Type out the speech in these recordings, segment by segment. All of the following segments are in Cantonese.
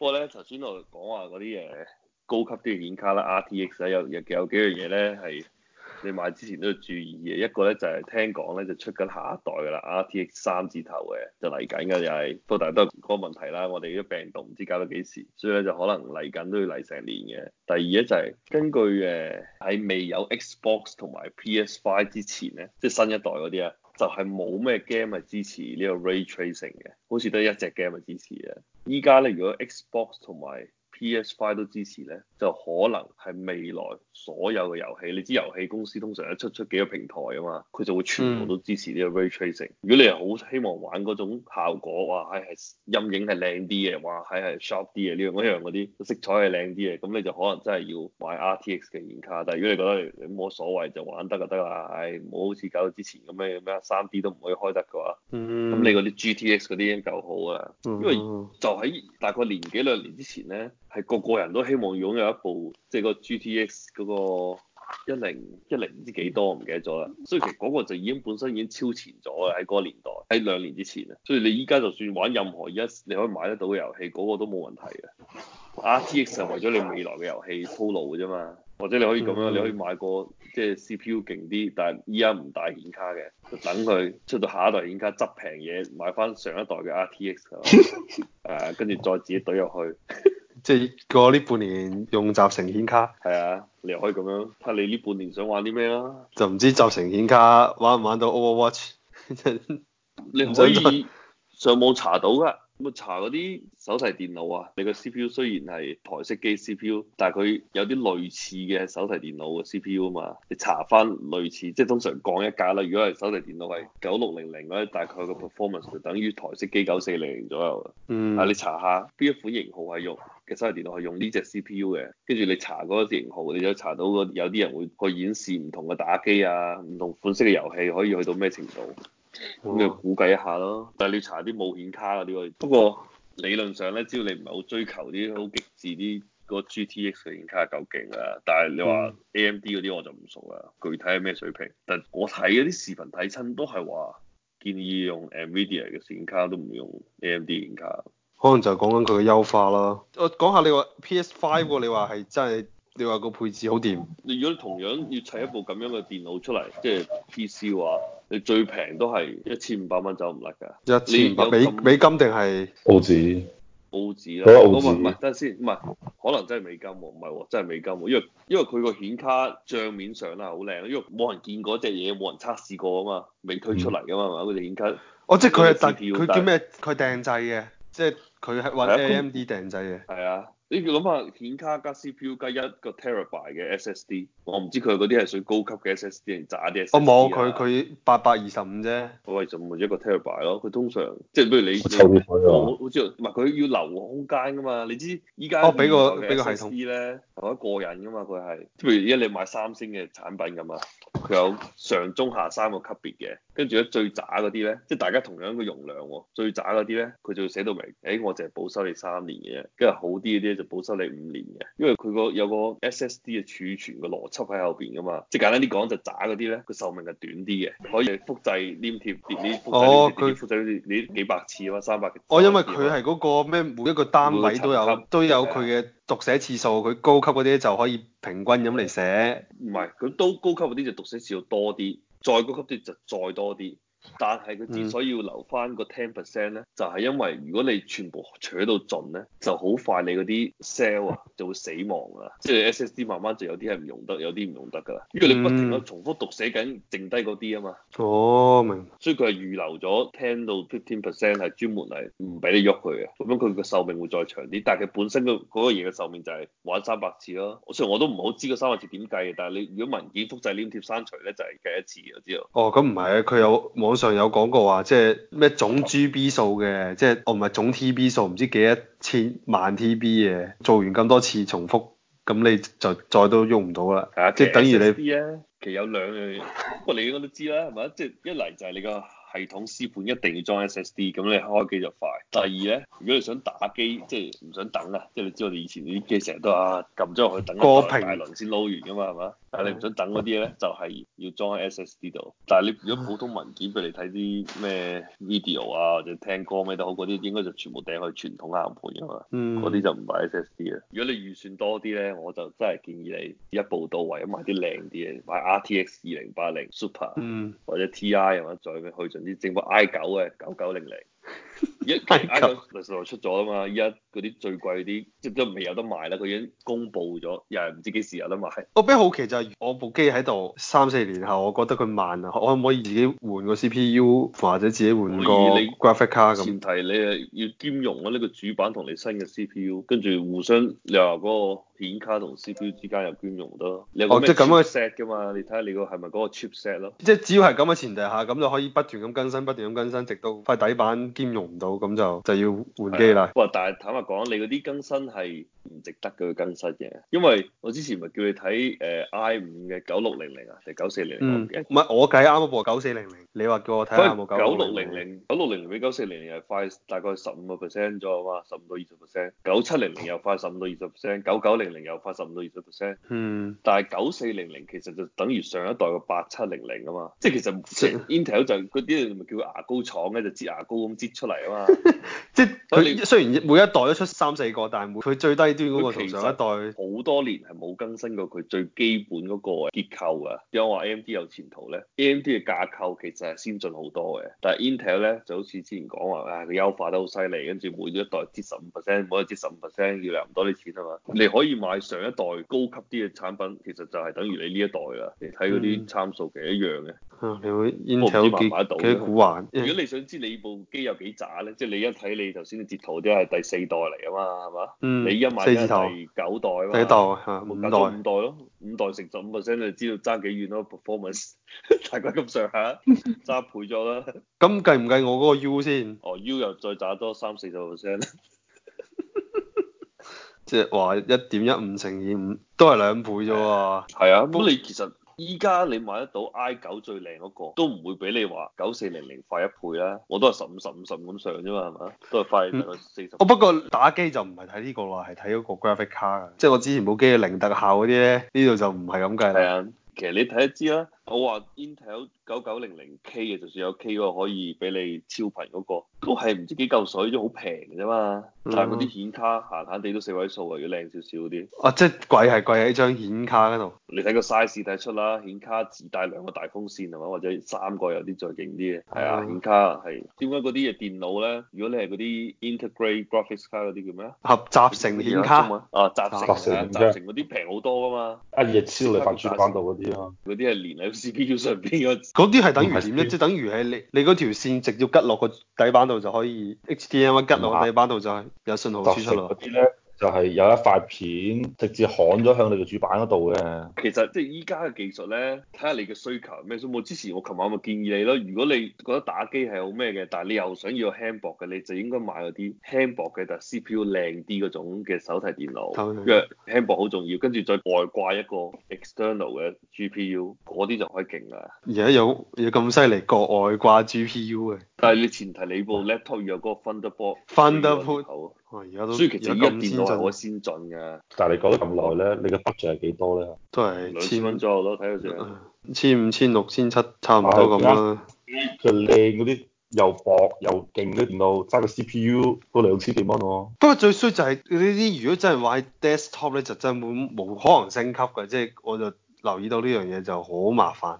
不過咧，頭先我講話嗰啲誒高級啲顯卡啦，RTX 有有幾樣嘢咧係你買之前都要注意嘅。一個咧就係、是、聽講咧就出緊下一代㗎啦，RTX 三字頭嘅就嚟緊嘅。就係不過大家都嗰個問題啦，我哋呢個病毒唔知搞到幾時，所以咧就可能嚟緊都要嚟成年嘅。第二咧就係、是、根據誒喺未有 Xbox 同埋 PS5 之前咧，即係新一代嗰啲啊。就係冇咩 game 係支持呢個 ray tracing 嘅，好似得一隻 game 係支持嘅。依家咧，如果 Xbox 同埋，PS5 都支持咧，就可能係未來所有嘅遊戲。你知遊戲公司通常一出出幾個平台啊嘛，佢就會全部都支持呢個 Ray Tracing。如果你係好希望玩嗰種效果，哇！係、哎、陰影係靚啲嘅，哇！係係 sharp 啲嘅，呢樣嗰樣嗰啲色彩係靚啲嘅，咁你就可能真係要買 RTX 嘅顯卡。但係如果你覺得你冇乜所謂就玩得就得啦，唉、哎，唔好好似搞到之前咁樣咩三 D 都唔可以開得㗎話。嗯，咁你嗰啲 GTX 嗰啲已經夠好啦。因為就喺大概年幾兩年之前咧。係個個人都希望擁有一部，即係個 G T X 嗰個一零一零唔知幾多，唔記得咗啦。所以其實嗰個就已經本身已經超前咗嘅喺嗰個年代，喺兩年之前啊。所以你依家就算玩任何一你可以買得到嘅遊戲，嗰個都冇問題嘅。R T X 係為咗你未來嘅遊戲鋪路嘅啫嘛，或者你可以咁樣，你可以買個即係 C P U 勁啲，但係依家唔帶顯卡嘅，就等佢出到下一代顯卡，執平嘢買翻上一代嘅 R T X，誒，跟住、 uh, 再自己懟入去。 即係過呢半年用集成顯卡，係啊，你又可以咁樣，睇你呢半年想玩啲咩啦？就唔知集成顯卡玩唔玩到 Overwatch？ 。你唔可以上網查到㗎。咁查嗰啲手提電腦啊，你個 C P U 雖然係台式機 C P U，但係佢有啲類似嘅手提電腦嘅 C P U 啊嘛。你查翻類似，即係通常降一價啦。如果係手提電腦係九六零零嗰啲，大概個 performance 就等於台式機九四零零左右。嗯。啊，你查下邊一款型號係用嘅手提電腦係用呢隻 C P U 嘅，跟住你查嗰個型號，你有查到有啲人會去演示唔同嘅打機啊，唔同款式嘅遊戲可以去到咩程度，咁你估計一下咯。但係你查啲冇顯卡嗰啲，不過理論上咧，只要你唔係好追求啲好極致啲嗰、那個、G T X 嘅顯卡夠勁啊。但係你話 A M D 嗰啲我就唔熟啊，具體係咩水平？但我睇嗰啲視頻睇親都係話建議用 N V I D I A 嘅顯卡，都唔用 A M D 顯卡。可能就係講緊佢嘅優化啦。我講下你話 PS Five 喎、啊，你話係真係你話個配置好掂。你如果同樣要砌一部咁樣嘅電腦出嚟，即係 PC 嘅話，你最平都係一千五百蚊走唔甩㗎。一千五百美金美金定係澳紙子？澳紙啦。唔係唔係，等陣先，唔係可能真係美金喎、啊，唔係喎，真係美金喎、啊，因為因為佢個顯卡帳面上啦好靚，因為冇人見過隻嘢，冇人測試過啊嘛，未推出嚟㗎嘛，嗰隻、嗯、顯卡。哦、oh,，即係佢係佢叫咩？佢訂製嘅。即係佢係揾 AMD 定制嘅。係製啊，你要諗下顯卡加 CPU 加一個 terabyte 嘅 SSD，我唔知佢嗰啲係算高級嘅 SSD 定渣啲我冇，佢佢八百二十五啫。我係就換一個 terabyte 咯。佢通常即係比如你，我抽血好似唔係佢要留空間㗎嘛？你知依家我俾個俾個系統咧，我一個人㗎嘛？佢係即係譬如而家你買三星嘅產品㗎嘛，佢有上中下三個級別嘅。跟住咧最渣嗰啲咧，即係大家同樣個容量喎，哦，最渣嗰啲咧，佢就寫到明，誒，哎，我淨係保修你三年嘅，跟住好啲嗰啲就保修你五年嘅，因為佢個有個 SSD 嘅儲存嘅邏輯喺後邊噶嘛，即係簡單啲講就渣嗰啲咧，佢壽命係短啲嘅，可以複製黏貼連呢複製呢啲你幾百次啊三百幾百次哦，因為佢係嗰個咩每一個單位都有都有佢嘅，嗯、讀寫次數，佢高級嗰啲就可以平均咁嚟寫。唔係，佢都高級嗰啲就讀寫次數多啲。多再高級啲就再多啲。但係佢之所以要留翻個 ten percent 咧，就係、是、因為如果你全部扯到盡咧，就好快你嗰啲 cell 啊就會死亡啊，即係 SSD 慢慢就有啲係唔用得，有啲唔用得噶啦。因為你不停咁重複讀寫緊，剩低嗰啲啊嘛。哦，明。所以佢係預留咗 ten 到 fifteen percent 係專門嚟唔俾你喐佢嘅，咁樣佢個壽命會再長啲。但係佢本身個嗰個嘢嘅壽命就係玩三百次咯。雖然我都唔好知個三百次點計，但係你如果文件複製、黏貼、刪除咧，就係計一次我知道、oh,。哦，咁唔係啊，佢有冇？網上有講過話，即係咩總 GB 數嘅，好即係哦，唔係總 TB 數，唔知幾多千萬 TB 嘅，做完咁多次重複，咁你就，就，就再都用唔到啦，啊、即係等於你、啊。其實有兩樣嘢，不過 你應該都知啦，係咪？即係一嚟就係你個。系統 C 盤一定要裝 SSD，咁你開機就快。第二咧，如果你想打機，即係唔想等啊，即係你知我哋以前啲機成日都啊撳咗落去等大輪先撈完噶嘛，係嘛？但係你唔想等嗰啲咧，就係、是、要裝喺 SSD 度。但係你如果普通文件畀你睇啲咩 video 啊，或者聽歌咩都好，嗰啲應該就全部掟去傳統硬盤㗎嘛。嗰啲、嗯、就唔買 SSD 啊。如果你預算多啲咧，我就真係建議你一步到位買，買啲靚啲嘅，買 RTX 二零八零 Super 或者 TI 啊，再咩去你整部 I 九啊，九九零零。 一出咗啦嘛！依家嗰啲最貴啲，即係都未有得賣啦。佢已經公布咗，又係唔知幾時有得賣。我比較好奇就係、是，我部機喺度三四年後，我覺得佢慢啊，我可唔可以自己換個 CPU，或者自己換個 graphic 卡咁？前提樣你係要兼容咯、啊，呢、這個主板同你新嘅 CPU，跟住互相你話嗰個顯卡同 CPU 之間又兼容得、啊。你啊、哦，即係咁嘅 set 噶嘛、啊？你睇下你個係咪嗰個 chip set 咯？即係只要係咁嘅前提下，咁就可以不斷咁更新，不斷咁更新，直到塊底板兼容，唔到咁就就要換機啦。哇！但係坦白講，你嗰啲更新係唔值得佢更新嘅，因為我之前咪叫你睇誒 i5 嘅九六零零啊定九四零零嘅。唔係、嗯、我計啱一部九四零零。你話叫我睇下九六零零。九六零零比九四零零係快大概十五個 percent 咗，嘛，十五到二十 percent。九七零零又快十五到二十 percent。九九零零又快十五到二十 percent。嗯。但係九四零零其實就等於上一代個八七零零啊嘛，即係其實 Intel 就嗰啲咪叫牙膏廠咧，就擠牙膏咁擠出嚟。係 即係佢雖然每一代都出三四個，但係每佢最低端嗰個同上一代好多年係冇更新過佢最基本嗰個結構㗎。點解話 AMD 有前途咧？AMD 嘅架構其實係先進好多嘅，但係 Intel 咧就好似之前講話，啊，佢優化得好犀利，跟住每一代跌十五 percent，每一代跌十五 percent，要嚟唔多啲錢啊嘛。你可以買上一代高級啲嘅產品，其實就係等於你呢一代啦。你睇嗰啲參數其實一樣嘅。你會 Intel 如果你想知你部機有幾渣咧，即係你一睇你頭先啲截圖都係第四代嚟啊嘛，係嘛？你依家買咗第九代啊第幾代五代五代咯，五代成十五 percent，你知道爭幾遠咯？Performance 大概咁上下，爭一倍咗啦。咁計唔計我嗰個 U 先？哦，U 又再渣多三四十 percent。即係話，一點一五乘以五都係兩倍咗喎。係啊。咁你其實？依家你買得到 i 九最靚嗰個，都唔會比你話九四零零快一倍啦。我都係、嗯、十五十五十五咁上啫嘛，係嘛？都係快四十。哦，不過打機就唔係睇呢個啦，係睇嗰個 graphic 卡。即係我之前部機零特效嗰啲咧，呢度就唔係咁計啦。係啊，其實你睇一知啦。我話 Intel 九九零零 K 嘅，就算有 K 喎，可以俾你超頻嗰個，都係唔知幾嚿水，都好平嘅啫嘛。但係嗰啲顯卡閒閒地都四位數點點啊，要靚少少啲。啊，即係貴係貴喺張顯卡嗰度。你睇個 size 睇出啦，顯卡自帶兩個大風扇係嘛，或者三個有啲再勁啲嘅。係啊，顯卡係。點解嗰啲嘢電腦咧？如果你係嗰啲 integrate graphics 卡嗰啲叫咩啊？合集成顯卡。啊，集成。集成。集成嗰啲平好多㗎嘛。啊，日超嚟塊主板度嗰啲啊。嗰啲係連喺。自己要上邊嗰啲係等於點咧？是即係等於係你，你嗰條線直接吉落個底板度就可以 HDMI 吉落底板度就係有信號輸出嚟嗰就係有一塊片直接焊咗向你嘅主板嗰度嘅。其實即係依家嘅技術咧，睇下你嘅需求咩先。我之前我琴晚咪建議你咯，如果你覺得打機係好咩嘅，但係你又想要輕薄嘅，你就應該買嗰啲輕薄嘅，但係 CPU 靚啲嗰種嘅手提電腦。係。嘅輕薄好重要，跟住再外掛一個 external 嘅 GPU，嗰啲就可以勁啦。而家有有咁犀利個外掛 GPU 嘅？但係你前提你部 laptop 有嗰個 Thunderbolt Thunderbolt，所以其實依個電腦係好先進嘅。但係你講咗咁耐咧，你個 budget 係幾多咧？都係兩千蚊左右咯，睇下先。千五千六千七差唔多咁啦。佢靚嗰啲又薄又勁嗰啲電腦，揸個 CPU 都兩千幾蚊喎。不過最衰就係呢啲，如果真係玩 desktop 咧，就真係冇冇可能升級嘅，即係我就留意到呢樣嘢就好麻煩。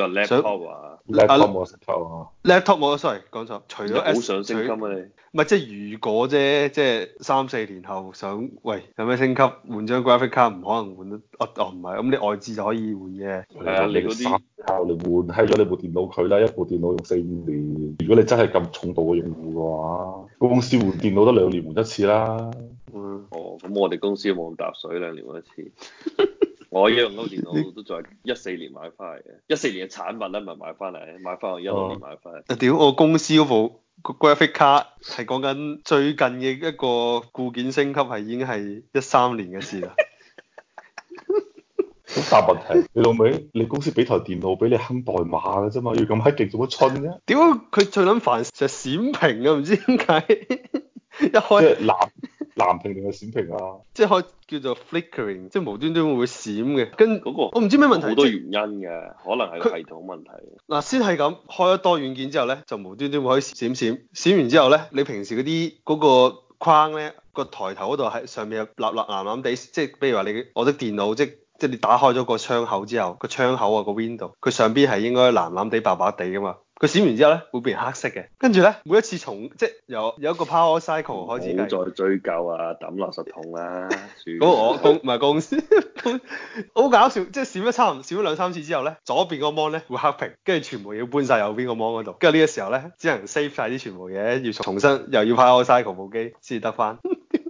用 laptop 啊，laptop 冇，laptop 冇，sorry，講錯。除咗好想升級啊了你，唔係即係如果啫，即係三四年後想，喂，有咩升級？換張 graphic card 唔可能換得，哦哦唔係，咁你外置就可以換嘅。係啊，你嗰啲靠嚟換閪咗你部電腦佢啦，一部電腦用四五年，如果你真係咁重度嘅用戶嘅話，公司換電腦得兩年換一次啦。哦，咁我哋公司冇咁搭水兩年換一次。 我而家用嗰部電腦都仲係一四年買翻嚟嘅，一四年嘅產品咧咪買翻嚟，買翻去一六年買翻嚟。屌、啊嗯！我公司嗰部 Graphic 卡係講緊最近嘅一個固件升級係已經係一三年嘅事啦。好 大問題你老味，你公司俾台電腦俾你坑代碼嘅啫嘛，要咁閪勁做乜春啫？屌、嗯！佢最撚煩就閃屏啊，唔、啊、知點解 一開。藍。藍屏定係閃屏啊？即係開叫做 flickering，即係無端端會閃嘅。跟嗰那個我唔知咩問題，好多原因嘅，可能係系統問題。嗱，先係咁，開得多軟件之後咧，就無端端會可以閃閃。閃完之後咧，你平時嗰啲嗰個框咧，個台頭嗰度喺上面又立立藍藍地，即係譬如話你我的電腦，即係即係你打開咗個窗口之後，個窗口啊個 window，佢上邊係應該藍藍地、白白地噶嘛。佢閃完之後咧，會變黑色嘅。跟住咧，每一次重即係由有一個 power cycle 開始計。唔好再追究啊！抌垃圾桶啦。嗰個 我公唔係公司， 好搞笑。即係閃咗差唔閃咗兩三次之後咧，左邊個芒 o 咧會黑屏，跟住全部要搬晒右邊個芒嗰度。跟住呢個時候咧，只能 save 晒啲全部嘢，要重新又要 power cycle 部機先得翻。